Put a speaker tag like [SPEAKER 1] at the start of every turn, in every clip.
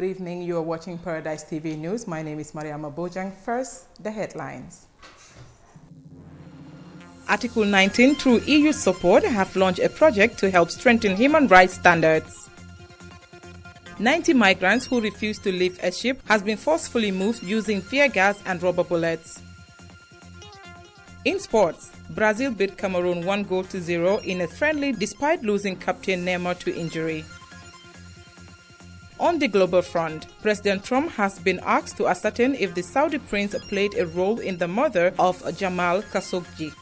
[SPEAKER 1] good evening. You are watching Paradise TV News. My name is Mariama Bojang. First, the headlines. Article 19 through EU support have launched a project to help strengthen human rights standards. 90 migrants who refused to leave a ship has been forcefully moved using tear gas and rubber bullets. In sports, Brazil beat Cameroon 1 goal to 0 in a friendly despite losing captain Neymar to injury. On the global front, President Trump has been asked to ascertain if the Saudi prince played a role in the murder of Jamal Khashoggi.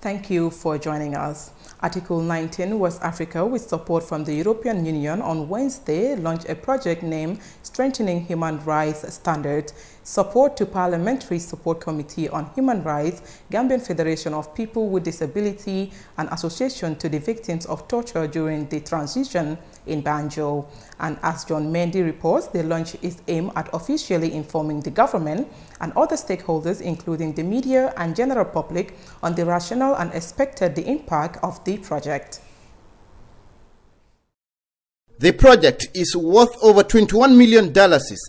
[SPEAKER 1] Thank you for joining us. Article 19 West Africa, with support from the European Union, on Wednesday launched a project named strengthening human rights standards, support to Parliamentary Support Committee on Human Rights, Gambian Federation of People with Disability, and Association to the Victims of Torture during the transition in Banjo. And as John Mendy reports, the launch is aimed at officially informing the government and other stakeholders, including the media and general public, on the rationale and expected the impact of the project.
[SPEAKER 2] The project is worth over $21 million,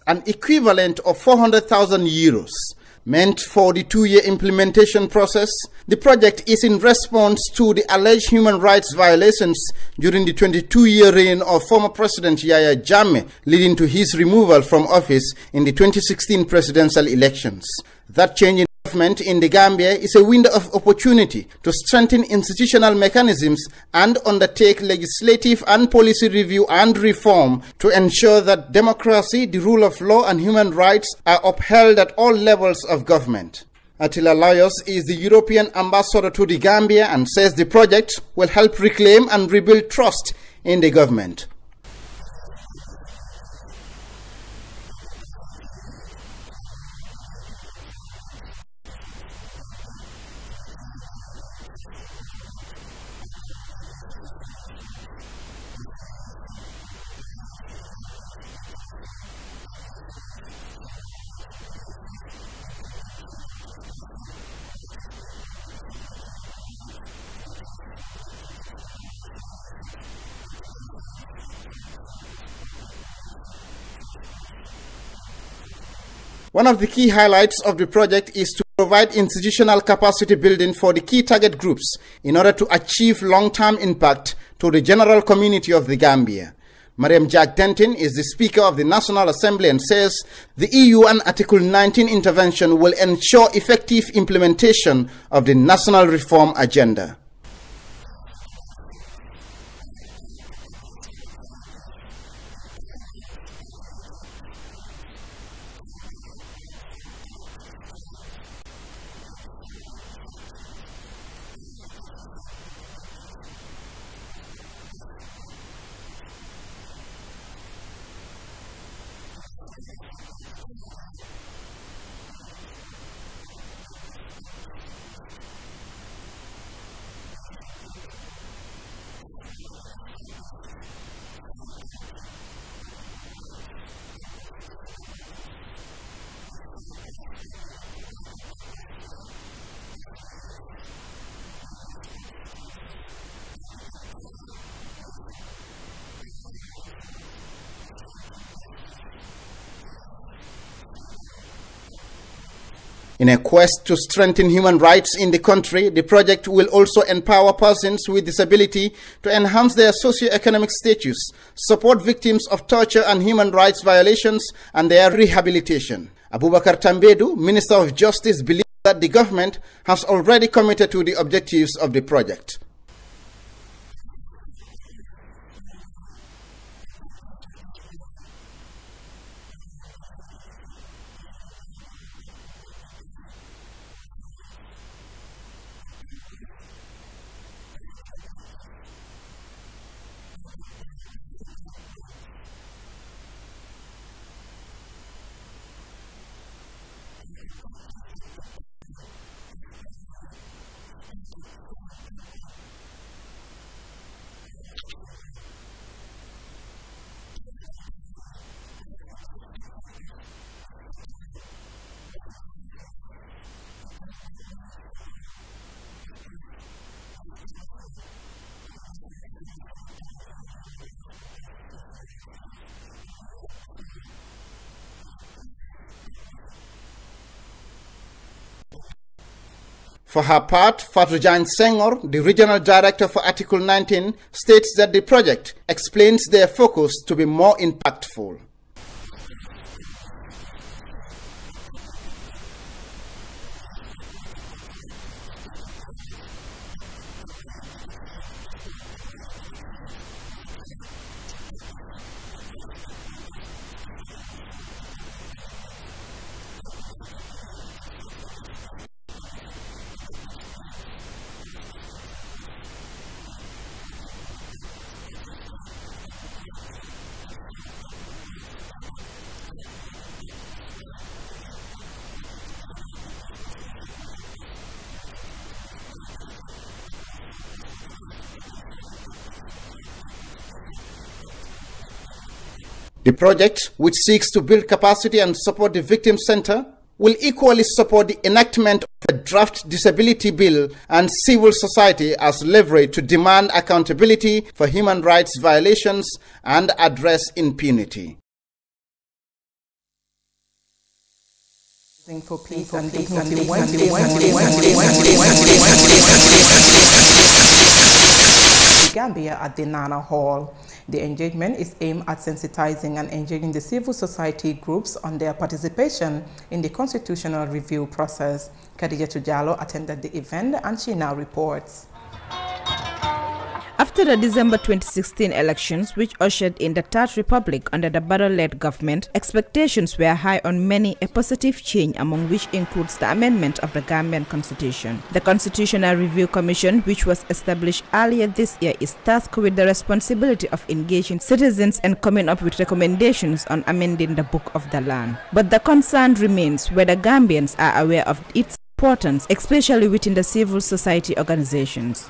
[SPEAKER 2] an equivalent of 400,000 euros. Meant for the two-year implementation process, the project is in response to the alleged human rights violations during the 22-year reign of former President Yaya Jammé, leading to his removal from office in the 2016 presidential elections. That change in Government in the Gambia is a window of opportunity to strengthen institutional mechanisms and undertake legislative and policy review and reform to ensure that democracy, the rule of law, and human rights are upheld at all levels of government. Attila Lajos is the European ambassador to the Gambia and says the project will help reclaim and rebuild trust in the government. One of the key highlights of the project is to provide institutional capacity building for the key target groups in order to achieve long-term impact to the general community of the Gambia. Mariam Jack Denton is the Speaker of the National Assembly and says the EU and Article 19 intervention will ensure effective implementation of the national reform agenda. In a quest to strengthen human rights in the country, the project will also empower persons with disability to enhance their socio-economic status, support victims of torture and human rights violations, and their rehabilitation. Abubakar Tambedu, Minister of Justice, believes that the government has already committed to the objectives of the project. For her part, Fatrujan Senghor, the Regional Director for Article 19, states that the project explains their focus to be more impactful. The project, which seeks to build capacity and support the victim center, will equally support the enactment of a draft disability bill and civil society as leverage to demand accountability for human rights violations and address impunity.
[SPEAKER 1] For peace and Gambia at the Nana Hall. The engagement is aimed at sensitizing and engaging the civil society groups on their participation in the constitutional review process. Khadija Tujalo attended the
[SPEAKER 3] event and she now reports. After the December 2016 elections, which ushered in the Third Republic under the Barrow led government, expectations were high on many a positive change, among which includes the amendment of the Gambian Constitution. The Constitutional Review Commission, which was established earlier this year, is tasked with the responsibility of engaging citizens and coming up with recommendations on amending the Book of the Land. But the concern remains whether Gambians are aware of its importance, especially within the civil society organizations.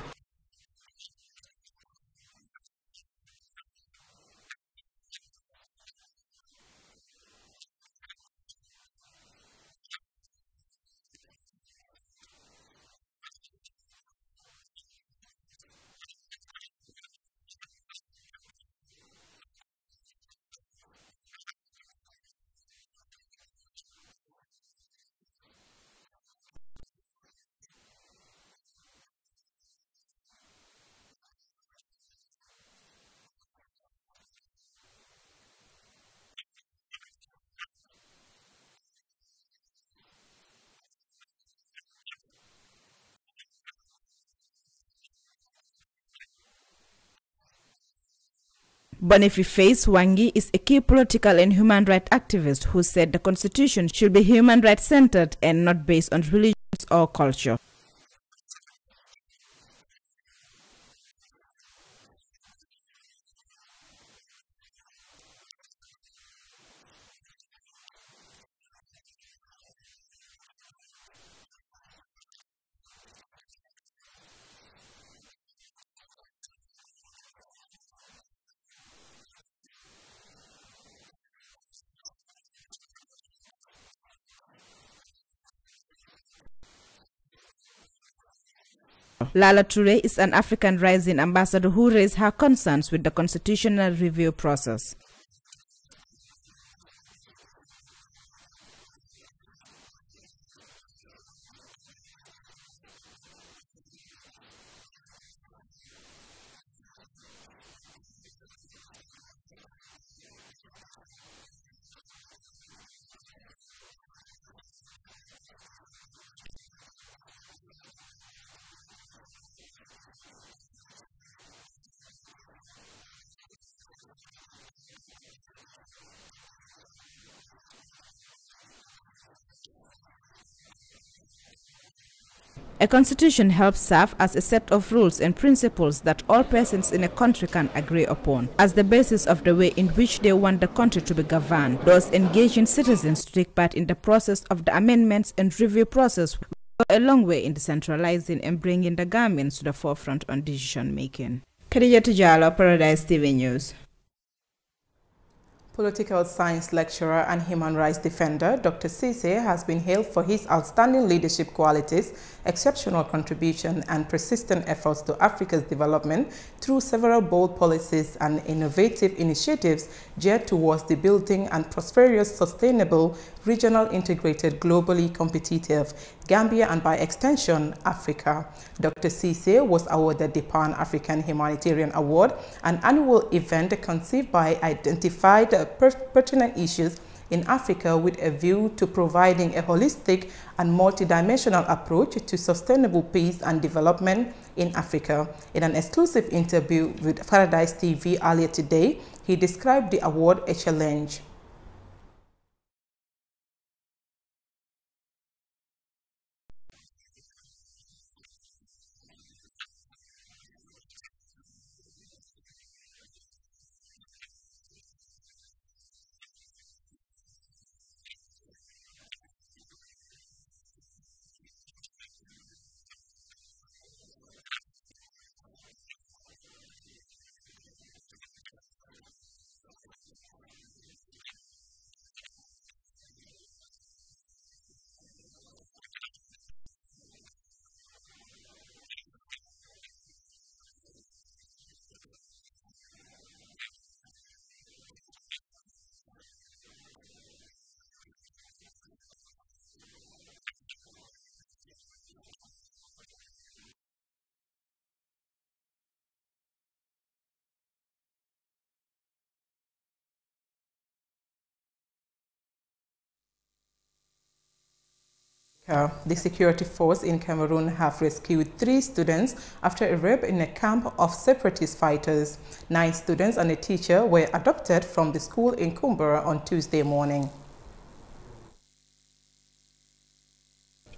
[SPEAKER 3] Boniface Wangi is a key political and human rights activist who said the constitution should be human rights centered and not based on religions or culture. Lala Toure is an African rising ambassador who raised her concerns with the constitutional review process. A constitution helps serve as a set of rules and principles that all persons in a country can agree upon as the basis of the way in which they want the country to be governed, thus engaging citizens to take part in the process of the amendments and review process a long way in decentralizing and bringing the government to the forefront on decision making. Khadija Tijalo, Paradise TV News.
[SPEAKER 1] Political science lecturer and human rights defender Dr. Sise has been hailed for his outstanding leadership qualities exceptional contribution and persistent efforts to Africa's development through several bold policies and innovative initiatives geared towards the building and prosperous, sustainable, regional integrated, globally competitive Gambia and by extension Africa. Dr. Cisse was awarded the Pan-African Humanitarian Award, an annual event conceived by identified pertinent issues in Africa with a view to providing a holistic and multidimensional approach to sustainable peace and development in Africa. In an exclusive interview with Paradise TV earlier today, he described the award a challenge.
[SPEAKER 4] Uh, the security force in Cameroon have
[SPEAKER 1] rescued three students after a rape in a camp of separatist fighters. Nine students and a teacher were adopted from the school in Kumbura on Tuesday morning.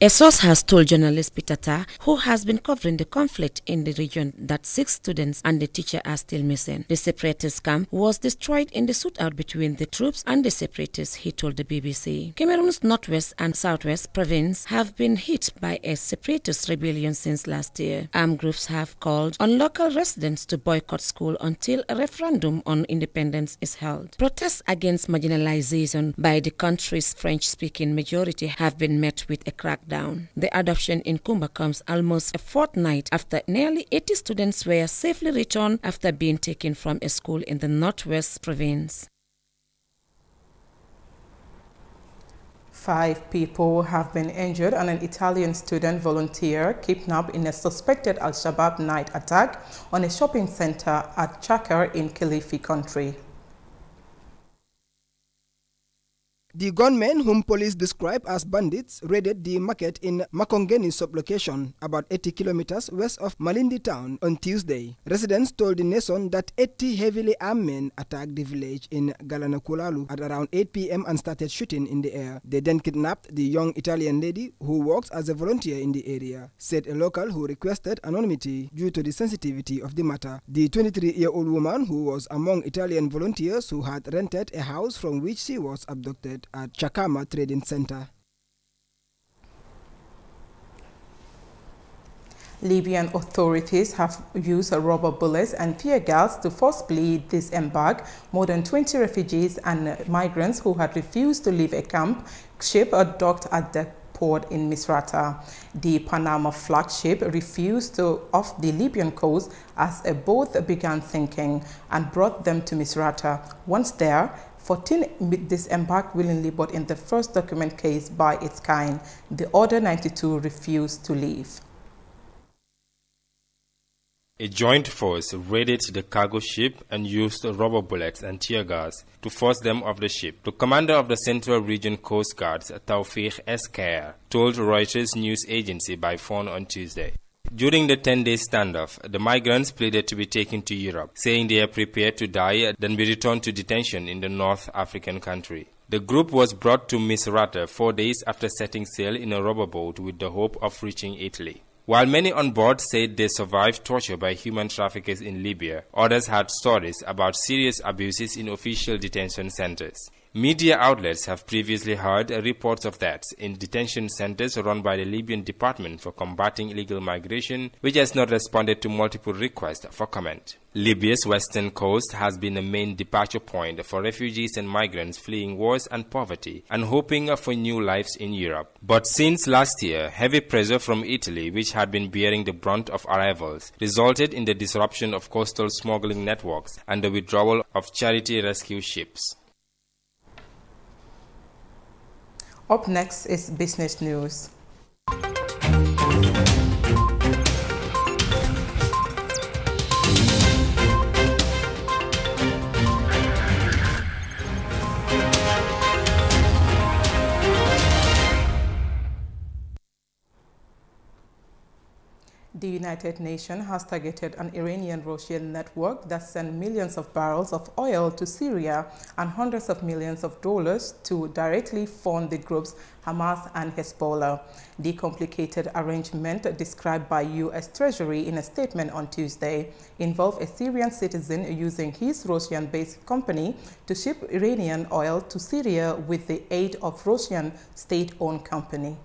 [SPEAKER 3] A source has told journalist Peter Ta, who has been covering the conflict in the region, that six students and the teacher are still missing. The separatist camp was destroyed in the shootout between the troops and the separatists, he told the BBC. Cameroon's northwest and southwest province have been hit by a separatist rebellion since last year. Armed groups have called on local residents to boycott school until a referendum on independence is held. Protests against marginalization by the country's French-speaking majority have been met with a crackdown lockdown. The adoption in Kumba comes almost a fortnight after nearly 80 students were safely returned after being taken from a school in the northwest province.
[SPEAKER 1] Five people have been injured and an Italian student volunteer kidnapped in a suspected Al-Shabaab night attack on a shopping center at Chakar in Kilifi country. The gunmen,
[SPEAKER 5] whom police describe as bandits, raided the market in Makongeni sublocation, about 80 kilometers west of Malindi town, on Tuesday. Residents told the nation that 80 heavily armed men attacked the village in Galanakulalu at around 8 p.m. and started shooting in the air. They then kidnapped the young Italian lady who works as a volunteer in the area, said a local who requested anonymity due to the sensitivity of the matter. The 23-year-old woman, who was among Italian volunteers who had rented a house from which she was abducted, at Chakama
[SPEAKER 1] Trading Center. Libyan authorities have used rubber bullets and tear gas to forcibly disembark more than 20 refugees and migrants who had refused to leave a camp ship docked at the port in Misrata. The Panama flagship refused to off the Libyan coast as a boat began sinking and brought them to Misrata. Once there, 14 disembarked willingly, but in the first document case by its kind, the other 92 refused to leave.
[SPEAKER 6] A joint force raided the cargo ship and used rubber bullets and tear gas to force them off the ship. The commander of the Central Region Coast Guards, Taufik Esker, told Reuters news agency by phone on Tuesday. During the 10 day standoff, the migrants pleaded to be taken to Europe, saying they are prepared to die than be returned to detention in the North African country. The group was brought to Misrata four days after setting sail in a rubber boat with the hope of reaching Italy. While many on board said they survived torture by human traffickers in Libya, others had stories about serious abuses in official detention centers. Media outlets have previously heard reports of that in detention centers run by the Libyan Department for Combating Illegal Migration, which has not responded to multiple requests for comment. Libya's western coast has been a main departure point for refugees and migrants fleeing wars and poverty and hoping for new lives in Europe. But since last year, heavy pressure from Italy, which had been bearing the brunt of arrivals, resulted in the disruption of coastal smuggling networks and the withdrawal of charity rescue ships.
[SPEAKER 1] Up next is business news. The United Nations has targeted an Iranian-Russian network that sent millions of barrels of oil to Syria and hundreds of millions of dollars to directly fund the groups Hamas and Hezbollah. The complicated arrangement described by U.S. Treasury in a statement on Tuesday involved a Syrian citizen using his Russian-based company to ship Iranian oil to Syria with the aid of Russian state-owned company.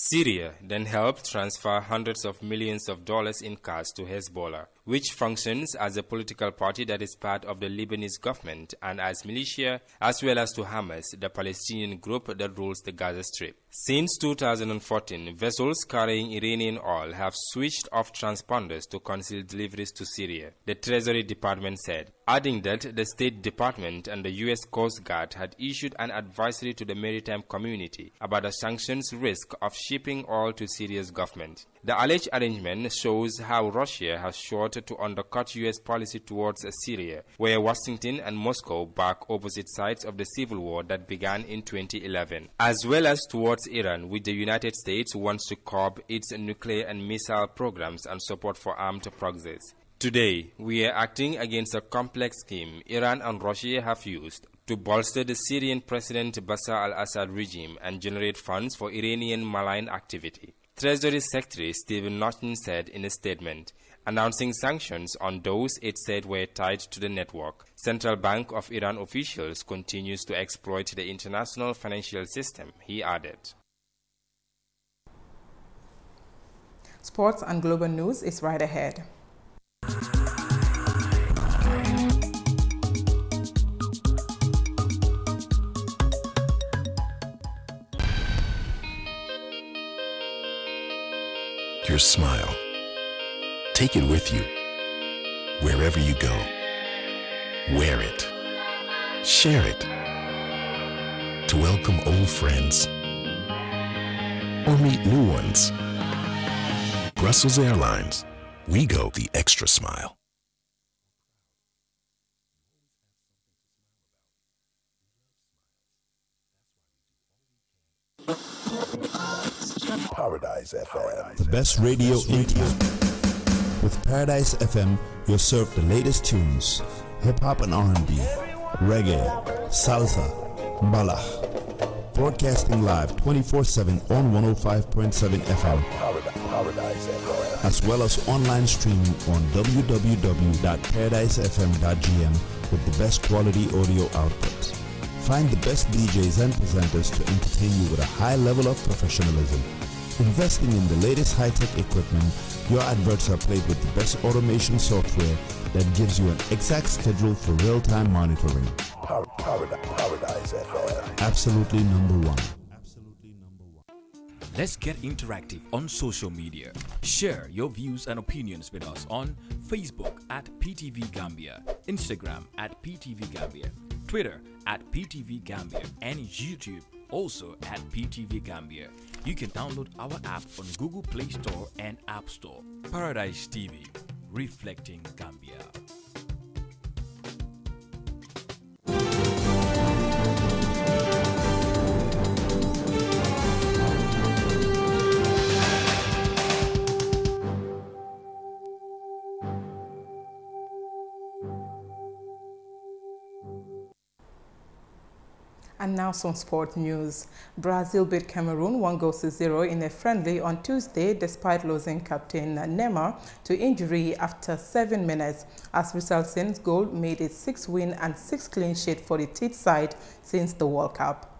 [SPEAKER 6] Syria then helped transfer hundreds of millions of dollars in cash to Hezbollah which functions as a political party that is part of the Lebanese government and as militia, as well as to Hamas, the Palestinian group that rules the Gaza Strip. Since 2014, vessels carrying Iranian oil have switched off transponders to conceal deliveries to Syria, the Treasury Department said, adding that the State Department and the U.S. Coast Guard had issued an advisory to the maritime community about the sanctions risk of shipping oil to Syria's government. The alleged arrangement shows how Russia has short to undercut U.S. policy towards Syria, where Washington and Moscow back opposite sides of the civil war that began in 2011, as well as towards Iran, which the United States wants to curb its nuclear and missile programs and support for armed proxies. Today, we are acting against a complex scheme Iran and Russia have used to bolster the Syrian President Bashar al-Assad regime and generate funds for Iranian malign activity. Treasury Secretary Stephen Norton said in a statement, announcing sanctions on those it said were tied to the network. Central Bank of Iran officials continues to exploit the international financial system, he added.
[SPEAKER 1] Sports and global news is right ahead.
[SPEAKER 5] Your smile Take it with you, wherever you go. Wear it. Share it. To welcome old friends or
[SPEAKER 4] meet new ones. Brussels Airlines, we go the extra smile. Paradise FM.
[SPEAKER 2] The best radio in with Paradise FM, you'll serve the latest tunes, hip-hop and R&B, reggae, salsa, balach. Broadcasting live 24-7 on 105.7 FM, as well as online streaming on www.paradisefm.gm with the best quality audio outputs. Find the best DJs and presenters to entertain you with a high level of professionalism investing in the latest high-tech equipment your adverts are played with the best automation software that gives you an exact schedule for real-time monitoring. Par
[SPEAKER 1] Paradise,
[SPEAKER 4] Paradise FM. Absolutely number one.
[SPEAKER 6] Let's get interactive on social media. Share your views and opinions with us on Facebook at PTV Gambia, Instagram at PTV Gambia, Twitter at PTV Gambia, and YouTube also at PTV Gambia. You can download our app on Google Play Store and App Store. Paradise TV, reflecting Gambia.
[SPEAKER 1] Now some sport news. Brazil beat Cameroon 1 0 in a friendly on Tuesday despite losing captain Neymar to injury after 7 minutes. As Rissalsen's goal made it 6 win and 6 clean sheet for the Tit side
[SPEAKER 7] since the World Cup.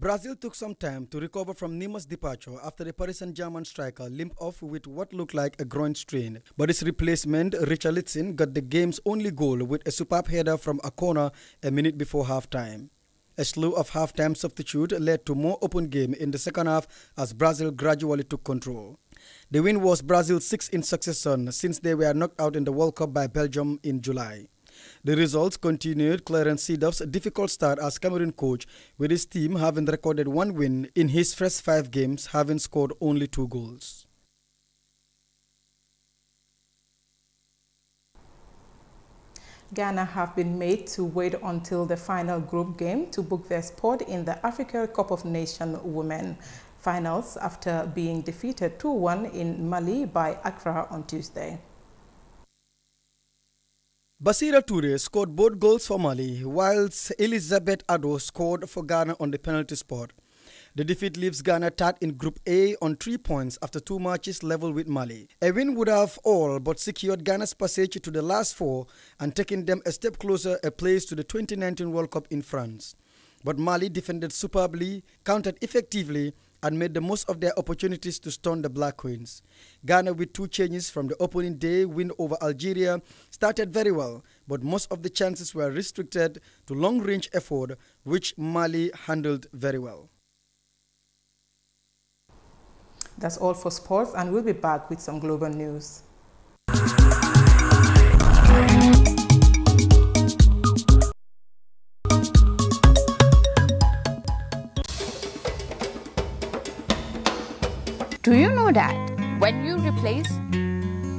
[SPEAKER 7] Brazil took some time to recover from Nima's departure after the Paris Saint-Germain striker limped off with what looked like a groin strain. But his replacement, Richarlison, got the game's only goal with a superb header from a corner a minute before halftime. A slew of halftime substitutes led to more open game in the second half as Brazil gradually took control. The win was Brazil's sixth in succession since they were knocked out in the World Cup by Belgium in July. The results continued Clarence Seedorf's difficult start as Cameroon coach, with his team having recorded one win in his first five games, having scored only two goals.
[SPEAKER 1] Ghana have been made to wait until the final group game to book their spot in the Africa Cup of Nations Women finals after being defeated 2-1 in Mali by Accra on
[SPEAKER 7] Tuesday. Basira Toure scored both goals for Mali, whilst Elizabeth Ado scored for Ghana on the penalty spot. The defeat leaves Ghana tied in Group A on three points after two matches level with Mali. A win would have all but secured Ghana's passage to the last four and taken them a step closer a place to the 2019 World Cup in France. But Mali defended superbly, countered effectively, and made the most of their opportunities to stun the Black Queens. Ghana, with two changes from the opening day win over Algeria, started very well, but most of the chances were restricted to long range effort, which Mali handled very well. That's all for sports, and we'll be back with some global news.
[SPEAKER 3] know that
[SPEAKER 2] when you replace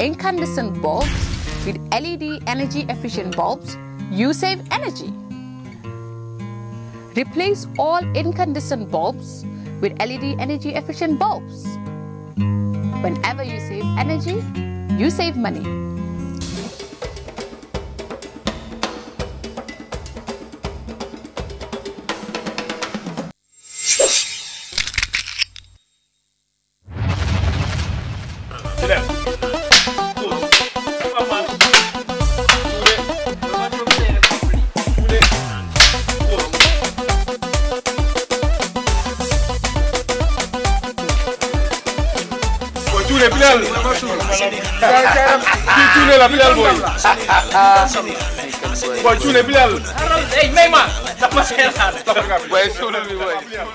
[SPEAKER 1] incandescent bulbs with LED energy efficient bulbs, you save energy. Replace all incandescent bulbs with LED energy efficient bulbs. Whenever you save energy, you save money.
[SPEAKER 4] Bilal Bilal boy. boy cuune Bilal.
[SPEAKER 6] Hey Mayma.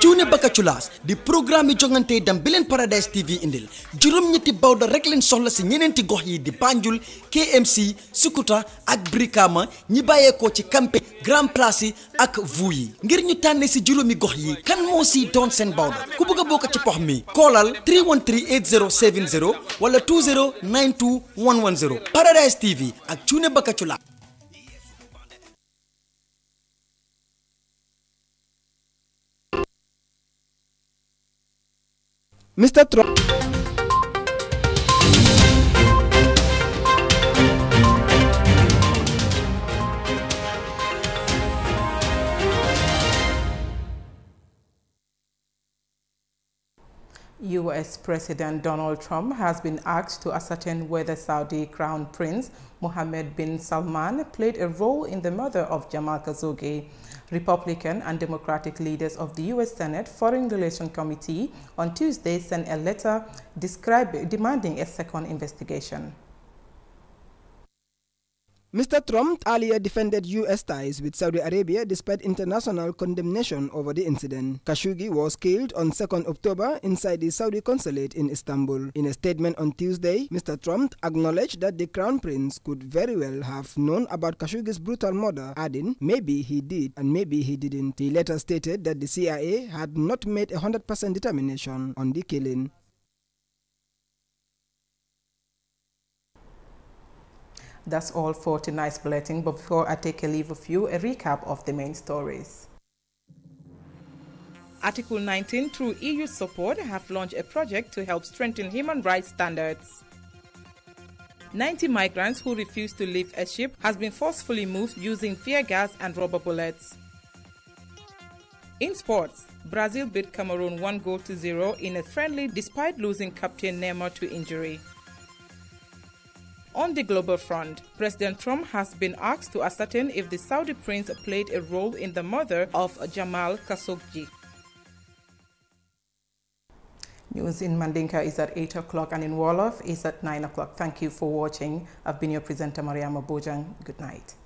[SPEAKER 7] cuune bakaculaas di programme yi jongante dem bi leen Paradise TV indil juróom-ñetti bawda rek leen soxla si ñeneenti gox yi di Banjul KMC Sukuta ak Brikama ñi bàyyeekoo ci campé grand place yi ak vuu yi ngir ñu tànne si juróomi gox yi kan moo si doon seen bawda ku bëgg a bokk ci pox mi koolal 313 8070 wala 2092110 Paradise TV ak cuune bakaculaas
[SPEAKER 5] Me está tro...
[SPEAKER 1] U.S. President Donald Trump has been asked to ascertain whether Saudi Crown Prince Mohammed bin Salman played a role in the murder of Jamal Khashoggi. Republican and Democratic leaders of the U.S. Senate Foreign Relations Committee on Tuesday sent a letter describing demanding a second investigation. Mr. Trump earlier defended U.S. ties with
[SPEAKER 5] Saudi Arabia despite international condemnation over the incident. Khashoggi was killed on 2nd October inside the Saudi consulate in Istanbul. In a statement on Tuesday, Mr. Trump acknowledged that the Crown Prince could very well have known about Khashoggi's brutal murder, adding, maybe he did and maybe he didn't. He later stated that the CIA had not made a 100% determination on the killing.
[SPEAKER 1] That's all for tonight's bulletin. But before I take a leave of you, a recap of the main stories. Article 19, through EU support, have launched a project to help strengthen human rights standards. 90 migrants who refused to leave a ship has been forcefully moved using tear gas and rubber bullets. In sports, Brazil beat Cameroon 1 goal to 0 in a friendly despite losing captain Neymar to injury. On the global front, President Trump has been asked to ascertain if the Saudi prince played a role in the murder of Jamal Khashoggi. News in Mandinka is at 8 o'clock and in Wolof is at 9 o'clock. Thank you for watching. I've been your presenter, Mariama Bojang. Good night.